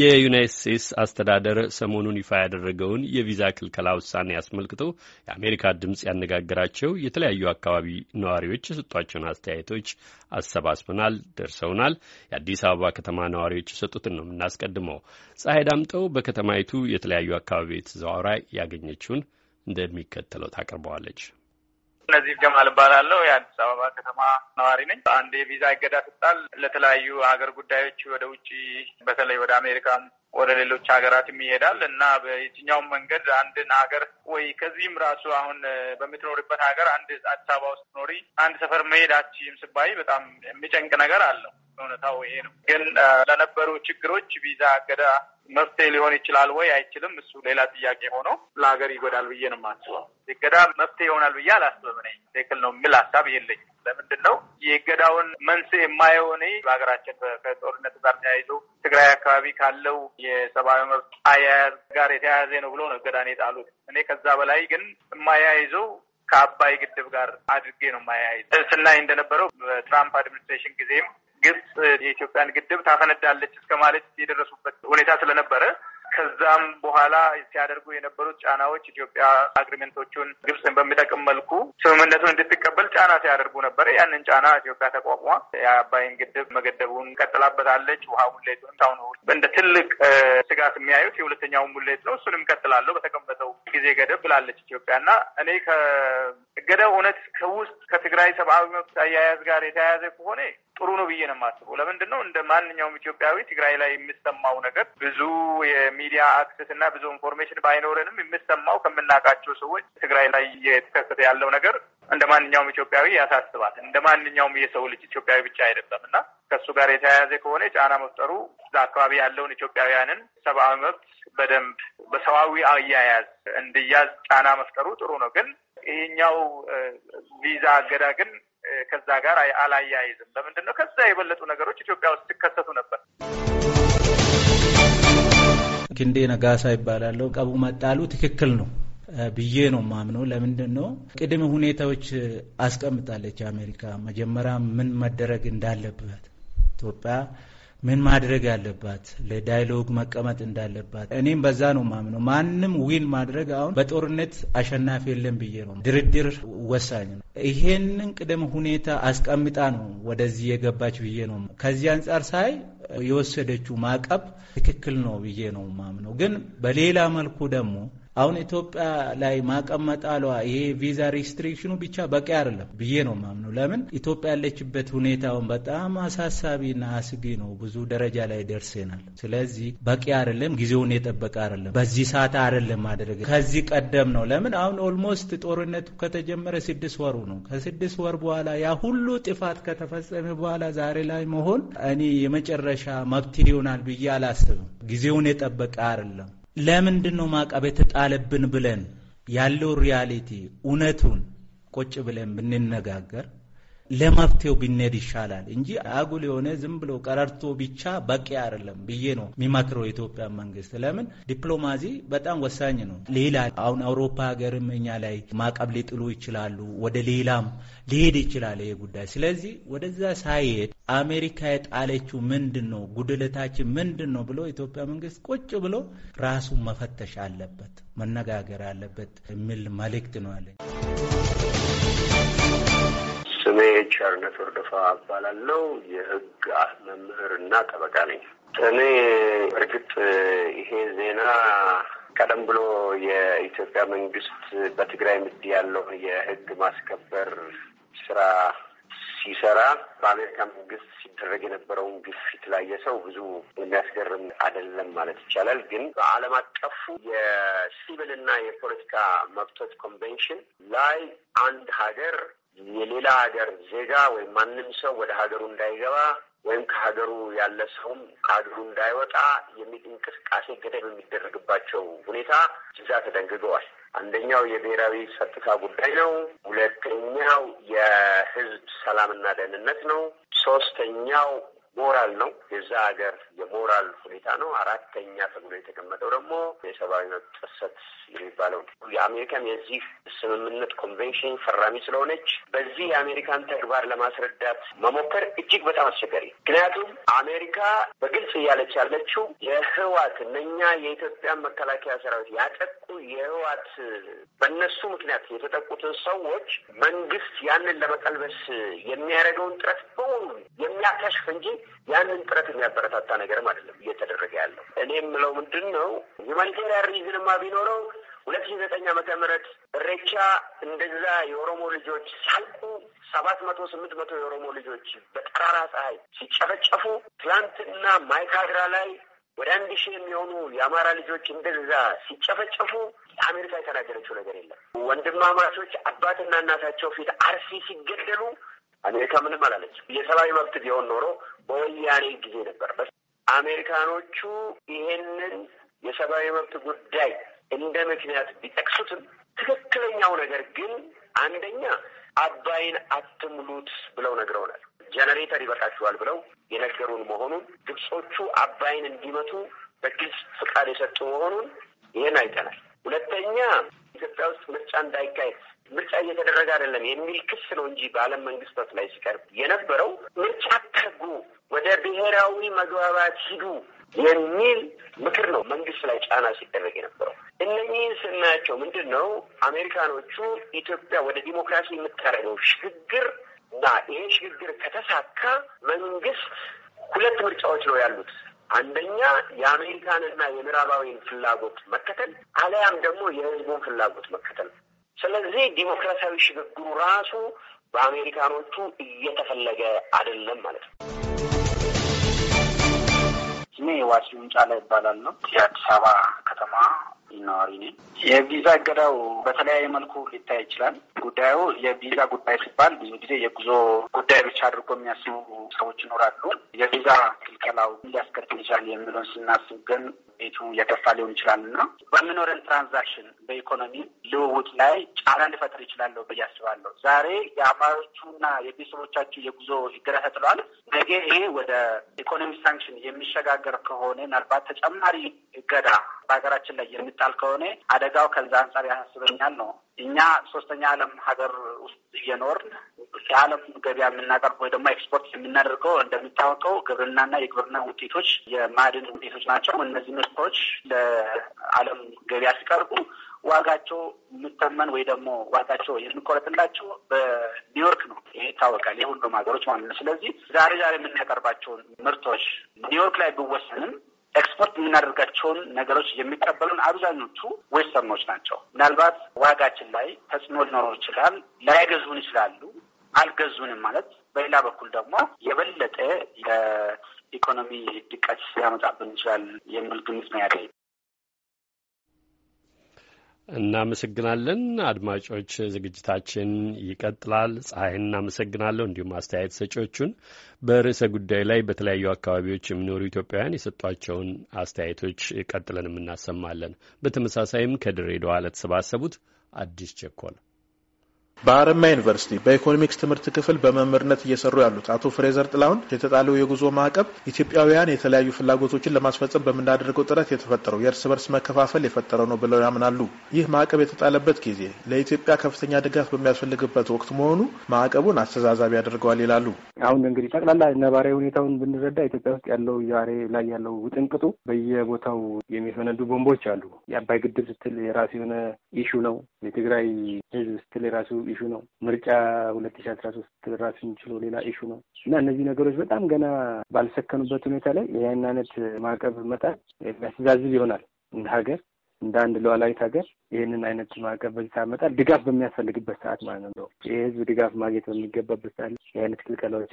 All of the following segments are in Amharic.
የዩናይት ስቴትስ አስተዳደር ሰሞኑን ይፋ ያደረገውን የቪዛ ክልከላ ውሳኔ አስመልክቶ የአሜሪካ ድምፅ ያነጋገራቸው የተለያዩ አካባቢ ነዋሪዎች የሰጧቸውን አስተያየቶች አሰባስበናል፣ ደርሰውናል። የአዲስ አበባ ከተማ ነዋሪዎች የሰጡትን ነው የምናስቀድመው። ፀሐይ ዳምጠው በከተማይቱ የተለያዩ አካባቢዎች ተዘዋውራ ያገኘችውን እንደሚከተለው ታቀርበዋለች። ነዚህ ጀማል እባላለሁ። የአዲስ አበባ ከተማ ነዋሪ ነኝ። አንድ የቪዛ እገዳ ስጣል ለተለያዩ ሀገር ጉዳዮች ወደ ውጭ በተለይ ወደ አሜሪካን ወደ ሌሎች ሀገራትም ይሄዳል እና በየትኛውም መንገድ አንድን ሀገር ወይ ከዚህም ራሱ አሁን በምትኖርበት ሀገር አንድ አዲስ አበባ ውስጥ ኖሪ አንድ ሰፈር መሄድ አችም ስባይ በጣም የሚጨንቅ ነገር አለው። እውነታው ይሄ ነው። ግን ለነበሩ ችግሮች ቪዛ እገዳ መፍትሄ ሊሆን ይችላል ወይ አይችልም፣ እሱ ሌላ ጥያቄ ሆኖ ለሀገር ይጎዳል ብዬ ነው የማስበው። እገዳ መፍትሄ ይሆናል ብዬ አላስብም። እኔ ትክክል ነው የሚል ሀሳብ የለኝም። ለምንድን ነው የእገዳውን መንስኤ የማየው? በሀገራችን ከጦርነት ጋር ተያይዞ ትግራይ አካባቢ ካለው የሰብአዊ መብት አያያዝ ጋር የተያያዘ ነው ብሎ ነው እገዳን የጣሉት። እኔ ከዛ በላይ ግን የማያይዘው ከአባይ ግድብ ጋር አድርጌ ነው የማያይዘው። ስናይ እንደነበረው በትራምፕ አድሚኒስትሬሽን ጊዜም ግብጽ የኢትዮጵያን ግድብ ታፈነዳለች እስከ ማለት የደረሱበት ሁኔታ ስለነበረ ከዛም በኋላ ሲያደርጉ የነበሩት ጫናዎች ኢትዮጵያ አግሪሜንቶቹን ግብፅን በሚጠቅም መልኩ ስምምነቱን እንድትቀበል ጫና ሲያደርጉ ነበረ። ያንን ጫና ኢትዮጵያ ተቋቁሟ የአባይን ግድብ መገደቡን ቀጥላበታለች። ውሃ ሙሌቱን ታሁኑ እንደ ትልቅ ስጋት የሚያዩት የሁለተኛው ሙሌት ነው። እሱንም ቀጥላለሁ በተቀመጠው ጊዜ ገደብ ብላለች ኢትዮጵያ እና እኔ ከገደብ እውነት ከውስጥ ከትግራይ ሰብአዊ መብት አያያዝ ጋር የተያያዘ ከሆነ ጥሩ ነው ብዬ ነው የማስበው። ለምንድን ነው እንደ ማንኛውም ኢትዮጵያዊ ትግራይ ላይ የሚሰማው ነገር ብዙ የሚ ሚዲያ አክሰስ እና ብዙ ኢንፎርሜሽን ባይኖረንም የምሰማው ከምናውቃቸው ሰዎች ትግራይ ላይ የተከሰተ ያለው ነገር እንደ ማንኛውም ኢትዮጵያዊ ያሳስባል። እንደ ማንኛውም የሰው ልጅ ኢትዮጵያዊ ብቻ አይደለም እና ከእሱ ጋር የተያያዘ ከሆነ ጫና መፍጠሩ እዛ አካባቢ ያለውን ኢትዮጵያውያንን ሰብአዊ መብት በደንብ በሰብአዊ አያያዝ እንዲያዝ ጫና መፍጠሩ ጥሩ ነው። ግን ይሄኛው ቪዛ አገዳ ግን ከዛ ጋር አላያይዝም። ለምንድን ነው ከዛ የበለጡ ነገሮች ኢትዮጵያ ውስጥ ሲከሰቱ ነበር። ክንዴ ነጋሳ ይባላለሁ። ቀቡ መጣሉ ትክክል ነው ብዬ ነው ማምነው። ለምንድን ነው ቅድመ ሁኔታዎች አስቀምጣለች አሜሪካ። መጀመሪያ ምን መደረግ እንዳለበት ኢትዮጵያ ምን ማድረግ አለባት፣ ለዳይሎግ መቀመጥ እንዳለባት እኔም በዛ ነው ማምነው። ማንም ዊን ማድረግ አሁን በጦርነት አሸናፊ የለም ብዬ ነው። ድርድር ወሳኝ ነው። ይሄንን ቅደም ሁኔታ አስቀምጣ ነው ወደዚህ የገባች ብዬ ነው። ከዚህ አንጻር ሳይ የወሰደችው ማዕቀብ ትክክል ነው ብዬ ነው ማምነው። ግን በሌላ መልኩ ደግሞ አሁን ኢትዮጵያ ላይ ማቀመጣሏ ይሄ ቪዛ ሪስትሪክሽኑ ብቻ በቂ አይደለም ብዬ ነው ማምነው። ለምን ኢትዮጵያ ያለችበት ሁኔታውን በጣም አሳሳቢና አስጊ ነው። ብዙ ደረጃ ላይ ደርሰናል። ስለዚህ በቂ አይደለም፣ ጊዜውን የጠበቀ አይደለም፣ በዚህ ሰዓት አይደለም ማድረግ ከዚህ ቀደም ነው። ለምን አሁን ኦልሞስት ጦርነቱ ከተጀመረ ስድስት ወሩ ነው። ከስድስት ወር በኋላ ያ ሁሉ ጥፋት ከተፈጸመ በኋላ ዛሬ ላይ መሆን እኔ የመጨረሻ መብት ይሆናል ብዬ አላስብም። ጊዜውን የጠበቀ አይደለም። ለምንድን ነው ማዕቀብ የተጣለብን ብለን ያለው ሪያሊቲ እውነቱን ቁጭ ብለን ብንነጋገር ለመፍትሄው ቢነድ ይሻላል እንጂ አጉል የሆነ ዝም ብሎ ቀረርቶ ብቻ በቂ አይደለም ብዬ ነው የሚመክረው የኢትዮጵያ መንግስት። ለምን ዲፕሎማሲ በጣም ወሳኝ ነው። ሌላ አሁን አውሮፓ ሀገርም እኛ ላይ ማዕቀብ ሊጥሉ ይችላሉ። ወደ ሌላም ሊሄድ ይችላል ይሄ ጉዳይ። ስለዚህ ወደዛ ሳይሄድ አሜሪካ የጣለችው ምንድን ነው ጉድለታችን ምንድን ነው ብሎ ኢትዮጵያ መንግስት ቁጭ ብሎ ራሱን መፈተሽ አለበት፣ መነጋገር አለበት የሚል መልእክት ነው ያለኝ። ስሜ ቸርነት ወርደፋ እባላለሁ። የህግ መምህር እና ጠበቃ ነኝ። እኔ እርግጥ ይሄ ዜና ቀደም ብሎ የኢትዮጵያ መንግስት በትግራይ ምድ ያለውን የህግ ማስከበር ስራ ሲሰራ በአሜሪካ መንግስት ሲደረግ የነበረውን ግፊት ላየ ሰው ብዙ የሚያስገርም አይደለም ማለት ይቻላል። ግን በዓለም አቀፉ የሲቪልና የፖለቲካ መብቶች ኮንቬንሽን ላይ አንድ ሀገር የሌላ ሀገር ዜጋ ወይም ማንም ሰው ወደ ሀገሩ እንዳይገባ ወይም ከሀገሩ ያለ ሰውም ከሀገሩ እንዳይወጣ እንቅስቃሴ ገደብ የሚደረግባቸው ሁኔታ እዛ ተደንግገዋል። አንደኛው የብሔራዊ ጸጥታ ጉዳይ ነው። ሁለተኛው የሕዝብ ሰላምና ደህንነት ነው። ሶስተኛው ሞራል ነው፣ የዛ ሀገር የሞራል ሁኔታ ነው። አራተኛ ተብሎ የተቀመጠው ደግሞ የሰብአዊ መብት ጥሰት የሚባለው የአሜሪካን የዚህ ስምምነት ኮንቬንሽን ፈራሚ ስለሆነች በዚህ የአሜሪካን ተግባር ለማስረዳት መሞከር እጅግ በጣም አስቸጋሪ። ምክንያቱም አሜሪካ በግልጽ እያለች ያለችው የህዋት እነኛ የኢትዮጵያን መከላከያ ሰራዊት ያጠቁ የህዋት በእነሱ ምክንያት የተጠቁትን ሰዎች መንግስት ያንን ለመቀልበስ የሚያደርገውን ጥረት በሙሉ የሚያከሽፍ እንጂ ያንን ጥረት የሚያበረታታ ነገርም አይደለም እየተደረገ ያለው። እኔ የምለው ምንድን ነው ሁማኒቴሪያን ሪዝንማ ቢኖረው ሁለት ሺ ዘጠኝ ዓመተ ምህረት እሬቻ እንደዛ የኦሮሞ ልጆች ሳልቁ ሰባት መቶ ስምንት መቶ የኦሮሞ ልጆች በጠራራ ፀሐይ ሲጨፈጨፉ ትላንትና ማይካድራ ላይ ወደ አንድ ሺህ የሚሆኑ የአማራ ልጆች እንደዛ ሲጨፈጨፉ አሜሪካ የተናገረችው ነገር የለም። ወንድማማቾች አባትና እናታቸው ፊት አርሲ ሲገደሉ አሜሪካ ምንም አላለች። የሰብአዊ መብት ቢሆን ኖሮ በወያኔ ጊዜ ነበር። አሜሪካኖቹ ይሄንን የሰብአዊ መብት ጉዳይ እንደ ምክንያት ቢጠቅሱትም ትክክለኛው ነገር ግን አንደኛ አባይን አትሙሉት ብለው ነግረውናል። ጀነሬተር ይበቃችኋል ብለው የነገሩን መሆኑን ግብጾቹ አባይን እንዲመቱ በግልጽ ፍቃድ የሰጡ መሆኑን ይህን አይተናል። ሁለተኛ ኢትዮጵያ ውስጥ ምርጫ እንዳይካሄድ ምርጫ እየተደረገ አይደለም የሚል ክስ ነው እንጂ በዓለም መንግስታት ላይ ሲቀርብ የነበረው ምርጫ አታርጉ፣ ወደ ብሔራዊ መግባባት ሂዱ የሚል ምክር ነው መንግስት ላይ ጫና ሲደረግ የነበረው። እነኚህን ስናያቸው ምንድን ነው አሜሪካኖቹ ኢትዮጵያ ወደ ዲሞክራሲ የምታደርገው ሽግግር እና ይህን ሽግግር ከተሳካ መንግስት ሁለት ምርጫዎች ነው ያሉት። አንደኛ የአሜሪካንና የምዕራባዊን ፍላጎት መከተል፣ አለያም ደግሞ የህዝቡን ፍላጎት መከተል። ስለዚህ ዲሞክራሲያዊ ሽግግሩ ራሱ በአሜሪካኖቹ እየተፈለገ አይደለም ማለት ነው። ስሜ ዋሲሁን ጫላ ይባላል ነው የአዲስ አበባ ከተማ ነዋሪ ነኝ። የቪዛ እገዳው በተለያየ መልኩ ሊታይ ይችላል። ጉዳዩ የቪዛ ጉዳይ ሲባል ብዙ ጊዜ የጉዞ ጉዳይ ብቻ አድርጎ የሚያስቡ ሰዎች ይኖራሉ። የቪዛ ክልከላው ሊያስከትል ይችላል የሚለውን ስናስብ ግን ቤቱ የከፋ ሊሆን ይችላል እና በሚኖረን ትራንዛክሽን በኢኮኖሚ ልውውጥ ላይ ጫና ሊፈጥር ይችላለሁ ብዬ አስባለሁ። ዛሬ የአባሮቹና የቤተሰቦቻቸው የጉዞ እገዳ ተጥሏል። ነገ ይሄ ወደ ኢኮኖሚ ሳንክሽን የሚሸጋገር ከሆነ ምናልባት ተጨማሪ እገዳ በሀገራችን ላይ የሚጣል ከሆነ አደጋው ከዛ አንጻር ያሳስበኛል ነው። እኛ ሶስተኛ ዓለም ሀገር ውስጥ እየኖርን የዓለም ገበያ የምናቀርበው ወይ ደግሞ ኤክስፖርት የምናደርገው እንደሚታወቀው ግብርናና የግብርና ውጤቶች የማዕድን ውጤቶች ናቸው። እነዚህ ምርቶች ለዓለም ገበያ ሲቀርቡ ዋጋቸው የምተመን ወይ ደግሞ ዋጋቸው የሚቆረጥላቸው በኒውዮርክ ነው። ይሄ ይታወቃል፣ የሁሉም ሀገሮች ማለት ነው። ስለዚህ ዛሬ ዛሬ የምናቀርባቸውን ምርቶች ኒውዮርክ ላይ ብወሰንም ኤክስፖርት የምናደርጋቸውን ነገሮች የሚቀበሉን አብዛኞቹ ዌስተርኖች ናቸው። ምናልባት ዋጋችን ላይ ተጽዕኖ ሊኖረው ይችላል። ላይገዙን ይችላሉ፣ አልገዙንም ማለት በሌላ በኩል ደግሞ የበለጠ ኢኮኖሚ ድቀት ሊያመጣብን ይችላል የሚል ግምት ነው ያለኝ። እናመሰግናለን አድማጮች፣ ዝግጅታችን ይቀጥላል። ፀሐይን እናመሰግናለሁ፣ እንዲሁም አስተያየት ሰጪዎቹን። በርዕሰ ጉዳይ ላይ በተለያዩ አካባቢዎች የሚኖሩ ኢትዮጵያውያን የሰጧቸውን አስተያየቶች ቀጥለን እናሰማለን። በተመሳሳይም ከድሬዳዋ ለተሰባሰቡት አዲስ ቸኮል በአረማ ዩኒቨርሲቲ በኢኮኖሚክስ ትምህርት ክፍል በመምህርነት እየሰሩ ያሉት አቶ ፍሬዘር ጥላሁን የተጣለው የጉዞ ማዕቀብ ኢትዮጵያውያን የተለያዩ ፍላጎቶችን ለማስፈጸም በምናደርገው ጥረት የተፈጠረው የእርስ በርስ መከፋፈል የፈጠረው ነው ብለው ያምናሉ። ይህ ማዕቀብ የተጣለበት ጊዜ ለኢትዮጵያ ከፍተኛ ድጋፍ በሚያስፈልግበት ወቅት መሆኑ ማዕቀቡን አስተዛዛቢ ያደርገዋል ይላሉ። አሁን እንግዲህ ጠቅላላ ነባራዊ ሁኔታውን ብንረዳ ኢትዮጵያ ውስጥ ያለው ዛሬ ላይ ያለው ውጥንቅጡ በየቦታው የሚፈነዱ ቦምቦች አሉ። የአባይ ግድብ ስትል የራሱ የሆነ ኢሹ ነው። የትግራይ ህዝብ ስትል የራሱ ኢሹ ነው። ምርጫ ሁለት ሺ አስራ ሶስት ራሱን ችሎ ሌላ ኢሹ ነው እና እነዚህ ነገሮች በጣም ገና ባልሰከኑበት ሁኔታ ላይ ይህን አይነት ማዕቀብ መጣል የሚያስተዛዝብ ይሆናል እንደ ሀገር እንደ አንድ ሉዓላዊት ሀገር ይህንን አይነት ማዕቀብ በዚህ ያመጣል። ድጋፍ በሚያስፈልግበት ሰዓት ማለት ነው። የህዝብ ድጋፍ ማግኘት በሚገባበት ሰዓት የአይነት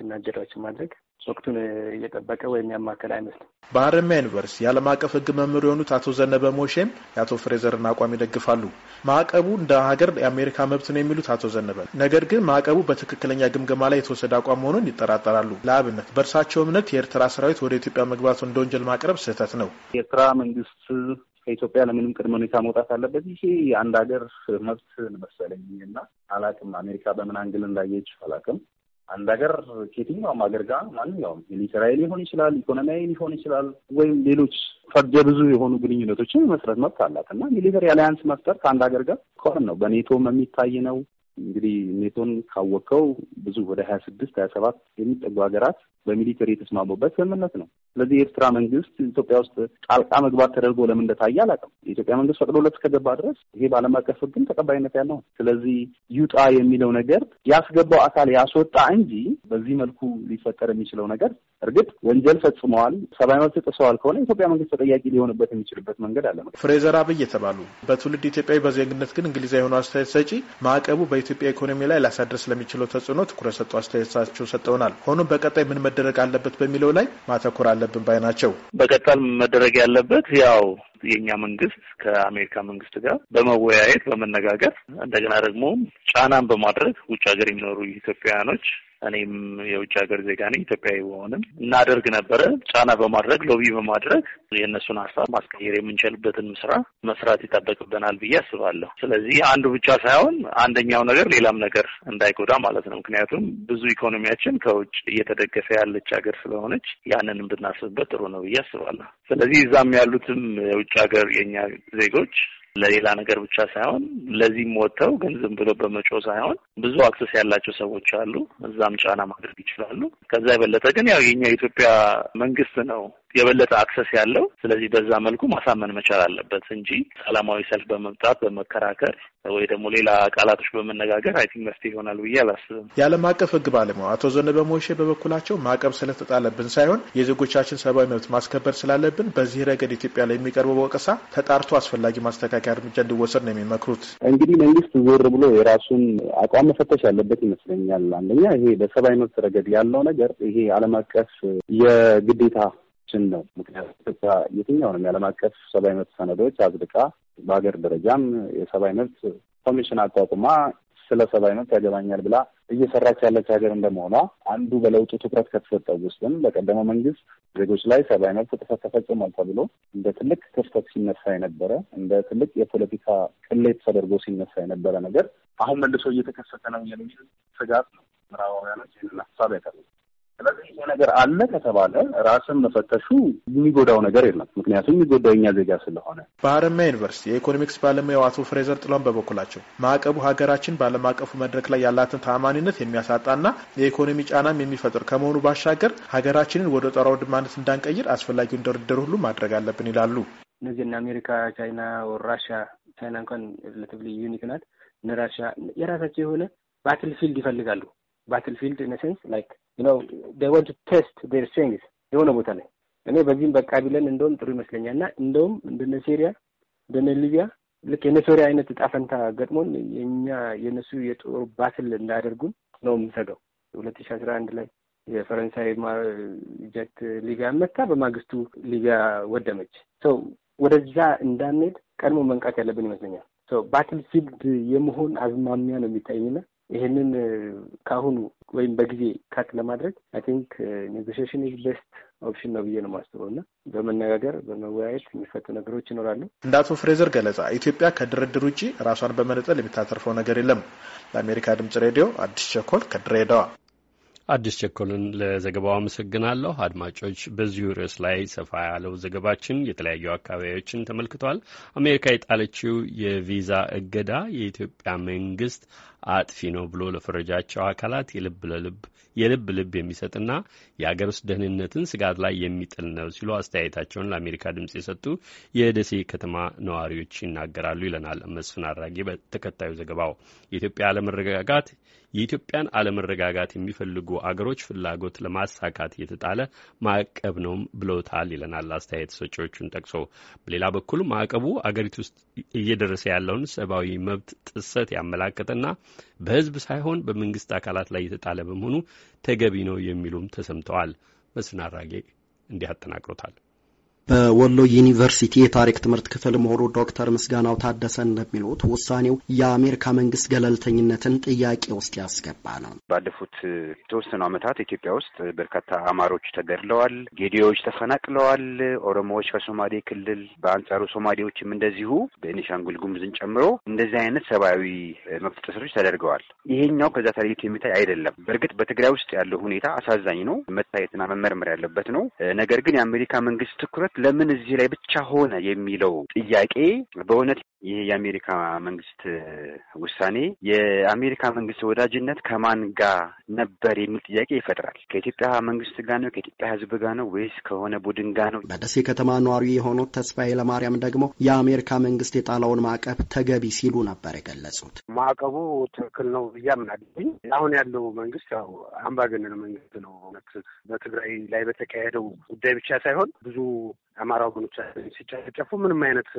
እና እገዳዎችን ማድረግ ወቅቱን እየጠበቀ ወይም ያማከል አይመስልም። በሀረማያ ዩኒቨርሲቲ የዓለም አቀፍ ህግ መምህሩ የሆኑት አቶ ዘነበ ሞሼም የአቶ ፍሬዘርን አቋም ይደግፋሉ። ማዕቀቡ እንደ ሀገር የአሜሪካ መብት ነው የሚሉት አቶ ዘነበ፣ ነገር ግን ማዕቀቡ በትክክለኛ ግምገማ ላይ የተወሰደ አቋም መሆኑን ይጠራጠራሉ። ለአብነት በእርሳቸው እምነት የኤርትራ ሰራዊት ወደ ኢትዮጵያ መግባቱ እንደ ወንጀል ማቅረብ ስህተት ነው። የኤርትራ መንግስት ከኢትዮጵያ ለምንም ቅድመ ሁኔታ መውጣት አለበት። ይሄ የአንድ ሀገር መብት መሰለኝ እና አላቅም። አሜሪካ በምን አንግል እንዳየች አላቅም። አንድ ሀገር ከየትኛውም ሀገር ጋር ማንኛውም ሚሊተራዊ ሊሆን ይችላል፣ ኢኮኖሚያዊ ሊሆን ይችላል፣ ወይም ሌሎች ፈርጀ ብዙ የሆኑ ግንኙነቶችን መስረት መብት አላት እና ሚሊተሪ አሊያንስ መፍጠር ከአንድ ሀገር ጋር ከሆን ነው በኔቶም የሚታይ ነው። እንግዲህ ኔቶን ካወቀው ብዙ ወደ ሀያ ስድስት ሀያ ሰባት የሚጠጉ ሀገራት በሚሊተሪ የተስማሙበት ስምምነት ነው። ስለዚህ የኤርትራ መንግስት ኢትዮጵያ ውስጥ ጣልቃ መግባት ተደርጎ ለምን እንደታየ አላውቅም። የኢትዮጵያ መንግስት ፈቅዶለት እስከገባ ድረስ ይሄ በዓለም አቀፍ ህግም ተቀባይነት ያለው ስለዚህ ይውጣ የሚለው ነገር ያስገባው አካል ያስወጣ እንጂ በዚህ መልኩ ሊፈጠር የሚችለው ነገር እርግጥ ወንጀል ፈጽመዋል፣ ሰብአዊ መብት ጥሰዋል ከሆነ የኢትዮጵያ መንግስት ተጠያቂ ሊሆንበት የሚችልበት መንገድ አለ። ፍሬዘር አብይ የተባሉ በትውልድ ኢትዮጵያዊ በዜግነት ግን እንግሊዛዊ የሆኑ አስተያየት ሰጪ ማዕቀቡ በኢትዮጵያ ኢኮኖሚ ላይ ሊያሳድር ስለሚችለው ተጽዕኖ ትኩረት ሰጡ አስተያየታቸው ሰጠውናል። ሆኖም በቀጣይ ምን መደረግ አለበት በሚለው ላይ ማተኮር አለብን ባይ ናቸው። በቀጣል መደረግ ያለበት ያው የእኛ መንግስት ከአሜሪካ መንግስት ጋር በመወያየት በመነጋገር እንደገና ደግሞ ጫናን በማድረግ ውጭ ሀገር የሚኖሩ ኢትዮጵያውያኖች እኔም የውጭ ሀገር ዜጋ ነኝ፣ ኢትዮጵያዊ በሆንም እናደርግ ነበረ። ጫና በማድረግ ሎቢ በማድረግ የእነሱን ሀሳብ ማስቀየር የምንችልበትን ስራ መስራት ይጠበቅብናል ብዬ አስባለሁ። ስለዚህ አንዱ ብቻ ሳይሆን አንደኛው ነገር ሌላም ነገር እንዳይጎዳ ማለት ነው። ምክንያቱም ብዙ ኢኮኖሚያችን ከውጭ እየተደገፈ ያለች ሀገር ስለሆነች ያንን ብናስብበት ጥሩ ነው ብዬ አስባለሁ። ስለዚህ እዛም ያሉትም የውጭ ሀገር የእኛ ዜጎች ለሌላ ነገር ብቻ ሳይሆን ለዚህም ወጥተው ግን ዝም ብሎ በመጮ ሳይሆን ብዙ አክሰስ ያላቸው ሰዎች አሉ። እዛም ጫና ማድረግ ይችላሉ። ከዛ የበለጠ ግን ያው የኛ የኢትዮጵያ መንግስት ነው የበለጠ አክሰስ ያለው። ስለዚህ በዛ መልኩ ማሳመን መቻል አለበት እንጂ ሰላማዊ ሰልፍ በመምጣት በመከራከር ወይ ደግሞ ሌላ ቃላቶች በመነጋገር አይ ቲንክ መፍትሄ ይሆናል ብዬ አላስብም። የዓለም አቀፍ ሕግ ባለሙያው አቶ ዘነበ ሞሼ በበኩላቸው ማዕቀብ ስለተጣለብን ሳይሆን የዜጎቻችን ሰብአዊ መብት ማስከበር ስላለብን በዚህ ረገድ ኢትዮጵያ ላይ የሚቀርበው ወቀሳ ተጣርቶ አስፈላጊ ማስተካከያ እርምጃ እንዲወሰድ ነው የሚመክሩት። እንግዲህ መንግስት ዞር ብሎ የራሱን አቋም መፈተሽ ያለበት ይመስለኛል። አንደኛ ይሄ በሰብአዊ መብት ረገድ ያለው ነገር ይሄ ዓለም አቀፍ የግዴታ ችን ነው። ምክንያቱም ኢትዮጵያ የትኛውንም የዓለም አቀፍ ሰብአዊ መብት ሰነዶች አጽድቃ በሀገር ደረጃም የሰብአዊ መብት ኮሚሽን አቋቁማ ስለ ሰብአዊ መብት ያገባኛል ብላ እየሰራች ያለች ሀገር እንደመሆኗ አንዱ በለውጡ ትኩረት ከተሰጠው ውስጥም በቀደመው መንግስት ዜጎች ላይ ሰብአዊ መብት ጥሰት ተፈጽሟል ተብሎ እንደ ትልቅ ክፍተት ሲነሳ የነበረ እንደ ትልቅ የፖለቲካ ቅሌት ተደርጎ ሲነሳ የነበረ ነገር አሁን መልሶ እየተከሰተ ነው የሚል ስጋት ነው ምዕራባውያኖች ይህንን ሀሳብ ያቀርቡ ስለዚህ ይሄ ነገር አለ ከተባለ ራስን መፈተሹ የሚጎዳው ነገር የለም። ምክንያቱም የሚጎዳው የኛ ዜጋ ስለሆነ። በሀረማያ ዩኒቨርሲቲ የኢኮኖሚክስ ባለሙያው አቶ ፍሬዘር ጥሎን በበኩላቸው ማዕቀቡ ሀገራችን በዓለም አቀፉ መድረክ ላይ ያላትን ተአማኒነት የሚያሳጣና የኢኮኖሚ ጫናም የሚፈጥር ከመሆኑ ባሻገር ሀገራችንን ወደ ጦር አውድማነት እንዳንቀይር አስፈላጊውን ድርድር ሁሉ ማድረግ አለብን ይላሉ። እነዚህ እነ አሜሪካ፣ ቻይና፣ ራሽያ ቻይና እንኳን ሪሌቲቭሊ ዩኒክ ናት። እነ ራሽያ የራሳቸው የሆነ ባትል ፊልድ ይፈልጋሉ። ባትል ፊልድ ኢን ሴንስ ላይክ ነው ቴስት ዴር የሆነ ቦታ ላይ እኔ በዚህም በቃ ቢለን እንደውም ጥሩ ይመስለኛል። እና እንደውም እንደነ ሴሪያ እንደነ ሊቢያ ልክ የነሶሪያ አይነት እጣ ፈንታ ገጥሞን የእኛ የእነሱ የጦር ባትል እንዳያደርጉን ነው የምሰጋው። ሁለት ሺ አስራ አንድ ላይ የፈረንሳይ ጀት ሊቢያ መታ፣ በማግስቱ ሊቢያ ወደመች። ሰው ወደዛ እንዳንሄድ ቀድሞ መንቃት ያለብን ይመስለኛል። ሰው ባትል ፊልድ የመሆን አዝማሚያ ነው የሚታየኝና ይህንን ከአሁኑ ወይም በጊዜ ካት ለማድረግ አይ ቲንክ ኔጎሽሽን ኢዝ ቤስት ኦፕሽን ነው ብዬ ነው የማስበው እና በመነጋገር በመወያየት የሚፈቱ ነገሮች ይኖራሉ። እንደ አቶ ፍሬዘር ገለጻ ኢትዮጵያ ከድርድር ውጪ ራሷን በመነጠል የምታተርፈው ነገር የለም። ለአሜሪካ ድምጽ ሬዲዮ አዲስ ቸኮል ከድሬዳዋ። አዲስ ቸኮልን ለዘገባው አመሰግናለሁ። አድማጮች፣ በዚሁ ርዕስ ላይ ሰፋ ያለው ዘገባችን የተለያዩ አካባቢዎችን ተመልክቷል። አሜሪካ የጣለችው የቪዛ እገዳ የኢትዮጵያ መንግስት አጥፊ ነው ብሎ ለፈረጃቸው አካላት የልብ ለልብ የልብ ልብ የሚሰጥና የአገር ውስጥ ደህንነትን ስጋት ላይ የሚጥል ነው ሲሉ አስተያየታቸውን ለአሜሪካ ድምጽ የሰጡ የደሴ ከተማ ነዋሪዎች ይናገራሉ ይለናል መስፍን አድራጌ በተከታዩ ዘገባው። የኢትዮጵያ አለመረጋጋት የኢትዮጵያን አለመረጋጋት የሚፈልጉ አገሮች ፍላጎት ለማሳካት የተጣለ ማዕቀብ ነውም ብለውታል ይለናል አስተያየት ሰጪዎቹን ጠቅሶ። በሌላ በኩል ማዕቀቡ አገሪቱ ውስጥ እየደረሰ ያለውን ሰብአዊ መብት ጥሰት ያመላከተና በህዝብ ሳይሆን በመንግስት አካላት ላይ የተጣለ በመሆኑ ተገቢ ነው የሚሉም ተሰምተዋል። መስፍን አራጌ እንዲህ አጠናቅሮታል። በወሎ ዩኒቨርሲቲ የታሪክ ትምህርት ክፍል ምሁሩ ዶክተር ምስጋናው ታደሰ እንደሚሉት ውሳኔው የአሜሪካ መንግስት ገለልተኝነትን ጥያቄ ውስጥ ያስገባ ነው። ባለፉት የተወሰኑ ዓመታት ኢትዮጵያ ውስጥ በርካታ አማሮች ተገድለዋል፣ ጌዲዎች ተፈናቅለዋል፣ ኦሮሞዎች ከሶማሌ ክልል በአንጻሩ ሶማሌዎችም እንደዚሁ በቤኒሻንጉል ጉሙዝን ጨምሮ እንደዚህ አይነት ሰብአዊ መብት ጥሰቶች ተደርገዋል። ይሄኛው ከዛ ተለይቶ የሚታይ አይደለም። በእርግጥ በትግራይ ውስጥ ያለው ሁኔታ አሳዛኝ ነው፣ መታየትና መመርመር ያለበት ነው። ነገር ግን የአሜሪካ መንግስት ትኩረት ለምን እዚህ ላይ ብቻ ሆነ የሚለው ጥያቄ በእውነት ይህ የአሜሪካ መንግስት ውሳኔ የአሜሪካ መንግስት ወዳጅነት ከማን ጋር ነበር የሚል ጥያቄ ይፈጥራል። ከኢትዮጵያ መንግስት ጋር ነው? ከኢትዮጵያ ህዝብ ጋር ነው? ወይስ ከሆነ ቡድን ጋር ነው? በደሴ ከተማ ነዋሪ የሆኑት ተስፋ ኃይለማርያም ደግሞ የአሜሪካ መንግስት የጣለውን ማዕቀብ ተገቢ ሲሉ ነበር የገለጹት። ማዕቀቡ ትክክል ነው ብዬ አምናለሁኝ። አሁን ያለው መንግስት ያው አምባገነን መንግስት ነው። በትግራይ ላይ በተካሄደው ጉዳይ ብቻ ሳይሆን ብዙ አማራ ወገኖቻችን ሲጨፈጨፉ ምንም አይነት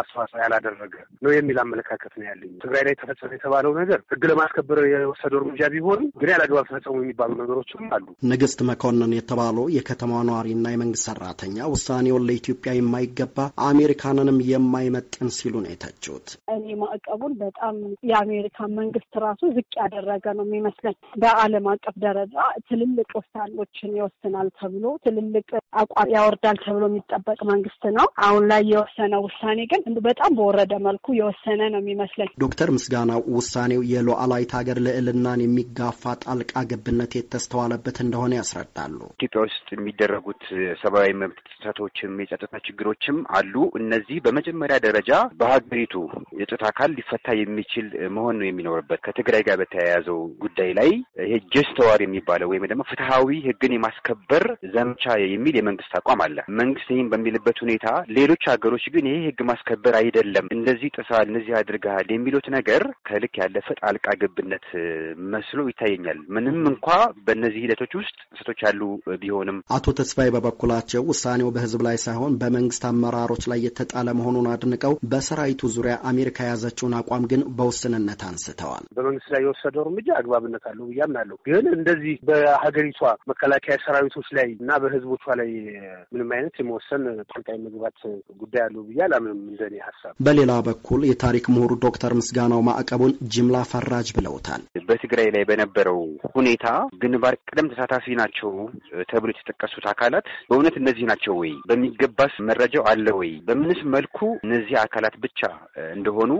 አስተዋጽኦ ያላደረገ ነው የሚል አመለካከት ነው ያለኝ። ትግራይ ላይ ተፈጸመ የተባለው ነገር ህግ ለማስከበር የወሰደው እርምጃ ቢሆንም ግን ያላግባብ ተፈጸሙ የሚባሉ ነገሮችም አሉ። ንግስት መኮንን የተባለው የከተማ ነዋሪና የመንግስት ሰራተኛ ውሳኔውን ለኢትዮጵያ የማይገባ አሜሪካንንም የማይመጥን ሲሉ ነው የተቹት። እኔ ማዕቀቡን በጣም የአሜሪካ መንግስት ራሱ ዝቅ ያደረገ ነው የሚመስለኝ። በዓለም አቀፍ ደረጃ ትልልቅ ውሳኔዎችን ይወስናል ተብሎ ትልልቅ አቋም ያወርዳል ተብሎ የሚጠበቅ መንግስት ነው። አሁን ላይ የወሰነ ውሳኔ ግን በጣም በወረደ መልኩ የወሰነ ነው የሚመስለኝ። ዶክተር ምስጋናው ውሳኔው የሉዓላዊት ሀገር ልዕልናን የሚጋፋ ጣልቃ ገብነት የተስተዋለበት እንደሆነ ያስረዳሉ። ኢትዮጵያ ውስጥ የሚደረጉት ሰብአዊ መብት ጥሰቶችም የጸጥታ ችግሮችም አሉ። እነዚህ በመጀመሪያ ደረጃ በሀገሪቱ የጸጥታ አካል ሊፈታ የሚችል መሆን ነው የሚኖርበት። ከትግራይ ጋር በተያያዘው ጉዳይ ላይ ይሄ ጀስተዋር የሚባለው ወይም ደግሞ ፍትሐዊ ህግን የማስከበር ዘመቻ የሚል የመንግስት አቋም አለ። መንግስት መንግስትም በሚልበት ሁኔታ ሌሎች ሀገሮች ግን ይሄ ህግ ማስከበር አይደለም፣ እንደዚህ ጥሳል፣ እነዚህ አድርገሃል የሚሉት ነገር ከልክ ያለፈ ጣልቃ ገብነት መስሎ ይታየኛል። ምንም እንኳ በእነዚህ ሂደቶች ውስጥ ስህተቶች ያሉ ቢሆንም አቶ ተስፋዬ በበኩላቸው ውሳኔው በህዝብ ላይ ሳይሆን በመንግስት አመራሮች ላይ የተጣለ መሆኑን አድንቀው በሰራዊቱ ዙሪያ አሜሪካ የያዘችውን አቋም ግን በውስንነት አንስተዋል። በመንግስት ላይ የወሰደው እርምጃ አግባብነት አለው ብዬ አምናለሁ። ግን እንደዚህ በሀገሪቷ መከላከያ ሰራዊቶች ላይ እና በህዝቦቿ ላይ ምንም አይነት መወሰን ጣልቃ መግባት ጉዳይ አለው ብዬ አላምንም፣ እንደኔ ሀሳብ። በሌላ በኩል የታሪክ ምሁሩ ዶክተር ምስጋናው ማዕቀቡን ጅምላ ፈራጅ ብለውታል። በትግራይ ላይ በነበረው ሁኔታ ግንባር ቀደም ተሳታፊ ናቸው ተብሎ የተጠቀሱት አካላት በእውነት እነዚህ ናቸው ወይ? በሚገባስ መረጃው አለ ወይ? በምንስ መልኩ እነዚህ አካላት ብቻ እንደሆኑ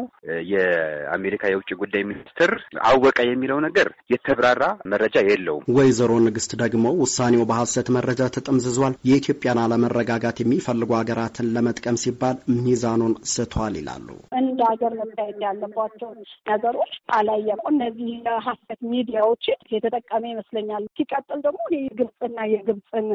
የአሜሪካ የውጭ ጉዳይ ሚኒስትር አወቀ የሚለው ነገር የተብራራ መረጃ የለውም። ወይዘሮ ንግስት ደግሞ ውሳኔው በሀሰት መረጃ ተጠምዝዟል፣ የኢትዮጵያን አለመረጋ መረጋጋት የሚፈልጉ ሀገራትን ለመጥቀም ሲባል ሚዛኑን ስቷል ይላሉ። እንደ ሀገር መታየት ያለባቸው ነገሮች አላየም። እነዚህ የሀሰት ሚዲያዎችን የተጠቀመ ይመስለኛል። ሲቀጥል ደግሞ የግብፅና የግብፅን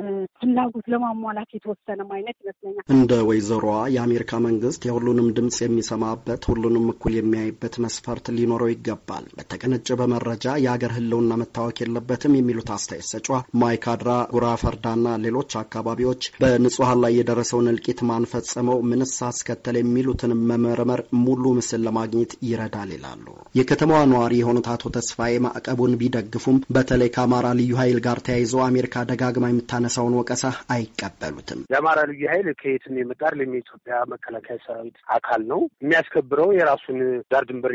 ፍላጎት ለማሟላት የተወሰነም አይነት ይመስለኛል። እንደ ወይዘሮዋ የአሜሪካ መንግስት የሁሉንም ድምፅ የሚሰማበት ሁሉንም እኩል የሚያይበት መስፈርት ሊኖረው ይገባል። በተቀነጨበ መረጃ የሀገር ህልውና መታወክ የለበትም የሚሉት አስተያየት ሰጫ ማይካድራ፣ ጉራ ፈርዳና ሌሎች አካባቢዎች በንጹ በንጹሐን ላይ የደረሰውን እልቂት ማን ፈጸመው፣ ምንስ አስከተለ የሚሉትን መመርመር ሙሉ ምስል ለማግኘት ይረዳል ይላሉ። የከተማዋ ነዋሪ የሆኑት አቶ ተስፋዬ ማዕቀቡን ቢደግፉም በተለይ ከአማራ ልዩ ኃይል ጋር ተያይዘው አሜሪካ ደጋግማ የምታነሳውን ወቀሳ አይቀበሉትም። የአማራ ልዩ ኃይል ከየት የመጣር የኢትዮጵያ መከላከያ ሰራዊት አካል ነው። የሚያስከብረው የራሱን ዳር ድንበር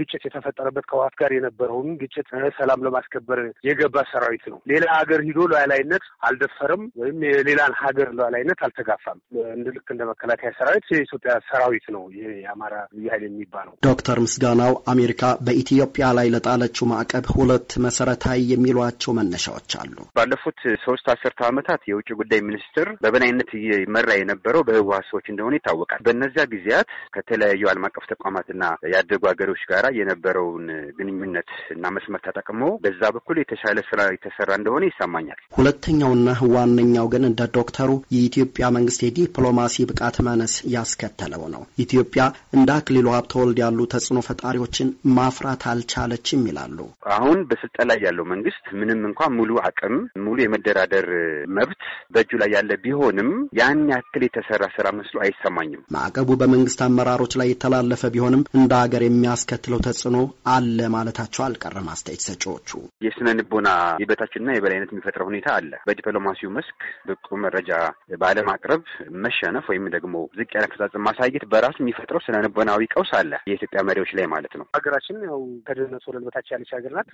ግጭት የተፈጠረበት ከዋት ጋር የነበረውን ግጭት ሰላም ለማስከበር የገባ ሰራዊት ነው። ሌላ ሀገር ሂዶ ሉዓላዊነት አልደፈርም ወይም የሌላን ሀገር ሉዓላዊ በበላይነት አልተጋፋም። እንደ ልክ እንደ መከላከያ ሰራዊት የኢትዮጵያ ሰራዊት ነው የአማራ ልዩ ኃይል የሚባለው። ዶክተር ምስጋናው አሜሪካ በኢትዮጵያ ላይ ለጣለችው ማዕቀብ ሁለት መሰረታዊ የሚሏቸው መነሻዎች አሉ። ባለፉት ሶስት አስርተ ዓመታት የውጭ ጉዳይ ሚኒስትር በበላይነት እየመራ የነበረው በህወሓት ሰዎች እንደሆነ ይታወቃል። በእነዚያ ጊዜያት ከተለያዩ ዓለም አቀፍ ተቋማትና ያደጉ ሀገሮች ጋር የነበረውን ግንኙነት እና መስመር ተጠቅሞ በዛ በኩል የተሻለ ስራ የተሰራ እንደሆነ ይሰማኛል። ሁለተኛውና ዋነኛው ግን እንደ ዶክተሩ የኢትዮጵያ መንግስት የዲፕሎማሲ ብቃት መነስ ያስከተለው ነው። ኢትዮጵያ እንደ አክሊሉ ሀብተወልድ ያሉ ተጽዕኖ ፈጣሪዎችን ማፍራት አልቻለችም ይላሉ። አሁን በስልጣን ላይ ያለው መንግስት ምንም እንኳ ሙሉ አቅም ሙሉ የመደራደር መብት በእጁ ላይ ያለ ቢሆንም ያን ያክል የተሰራ ስራ መስሎ አይሰማኝም። ማዕቀቡ በመንግስት አመራሮች ላይ የተላለፈ ቢሆንም እንደ ሀገር የሚያስከትለው ተጽዕኖ አለ ማለታቸው አልቀረም። አስተያየት ሰጪዎቹ የስነ ልቦና የበታችና የበላይነት የሚፈጥረው ሁኔታ አለ። በዲፕሎማሲው መስክ ብቁ መረጃ ባለማቅረብ መሸነፍ ወይም ደግሞ ዝቅ ያለ አፈጻጸም ማሳየት በራሱ የሚፈጥረው ስነ ልቦናዊ ቀውስ አለ የኢትዮጵያ መሪዎች ላይ ማለት ነው። ሀገራችን ያው ከድህነት ወለል በታች ያለች ሀገር ናት።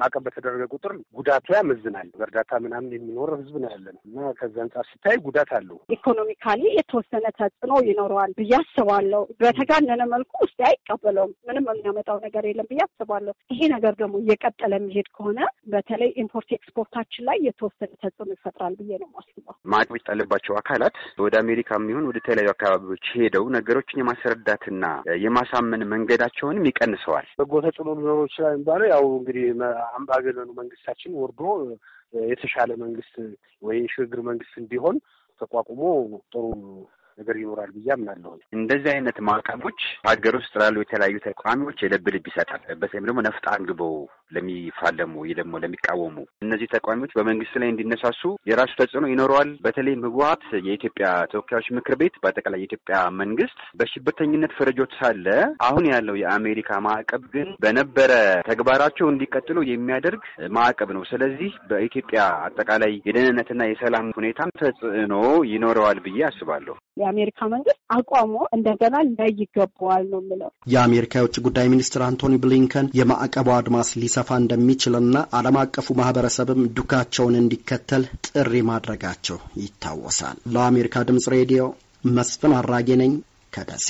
ማዕቀብ በተደረገ ቁጥር ጉዳቱ ያመዝናል። በእርዳታ ምናምን የሚኖር ህዝብ ነው ያለን እና ከዚ አንጻር ሲታይ ጉዳት አለው። ኢኮኖሚካሊ የተወሰነ ተጽዕኖ ይኖረዋል ብዬ አስባለሁ። በተጋነነ መልኩ ውስጥ አይቀበለውም። ምንም የሚያመጣው ነገር የለም ብዬ አስባለሁ። ይሄ ነገር ደግሞ እየቀጠለ የሚሄድ ከሆነ በተለይ ኢምፖርት ኤክስፖርታችን ላይ የተወሰነ ተጽዕኖ ይፈጥራል ብዬ ነው ማስበው። ማዕቀብ ይጣልባቸው ያላቸው አካላት ወደ አሜሪካም ይሁን ወደ ተለያዩ አካባቢዎች ሄደው ነገሮችን የማስረዳትና የማሳመን መንገዳቸውንም ይቀንሰዋል። በጎ ተጽዕኖ ሊኖረው ይችላል የሚባለው ያው እንግዲህ አምባገነኑ መንግስታችን ወርዶ የተሻለ መንግስት ወይ የሽግግር መንግስት እንዲሆን ተቋቁሞ ጥሩ ነገር ይኖራል ብዬ አምናለሁ። እንደዚህ አይነት ማዕቀቦች ሀገር ውስጥ ላሉ የተለያዩ ተቃዋሚዎች የልብ ልብ ይሰጣል። በተለይም ደግሞ ነፍጥ አንግበው ለሚፋለሙ ወይ ደግሞ ለሚቃወሙ እነዚህ ተቃዋሚዎች በመንግስት ላይ እንዲነሳሱ የራሱ ተጽዕኖ ይኖረዋል። በተለይም ህወሀት የኢትዮጵያ ተወካዮች ምክር ቤት በአጠቃላይ የኢትዮጵያ መንግስት በሽብርተኝነት ፍረጆች ሳለ አሁን ያለው የአሜሪካ ማዕቀብ ግን በነበረ ተግባራቸው እንዲቀጥሉ የሚያደርግ ማዕቀብ ነው። ስለዚህ በኢትዮጵያ አጠቃላይ የደህንነትና የሰላም ሁኔታም ተጽዕኖ ይኖረዋል ብዬ አስባለሁ። የአሜሪካ መንግስት አቋሙ እንደገና ላይ ይገባዋል ነው የምለው። የአሜሪካ የውጭ ጉዳይ ሚኒስትር አንቶኒ ብሊንከን የማዕቀቡ አድማስ ሊሰፋ እንደሚችልና ዓለም አቀፉ ማህበረሰብም ዱካቸውን እንዲከተል ጥሪ ማድረጋቸው ይታወሳል። ለአሜሪካ ድምጽ ሬዲዮ መስፍን አራጌ ነኝ ከደሴ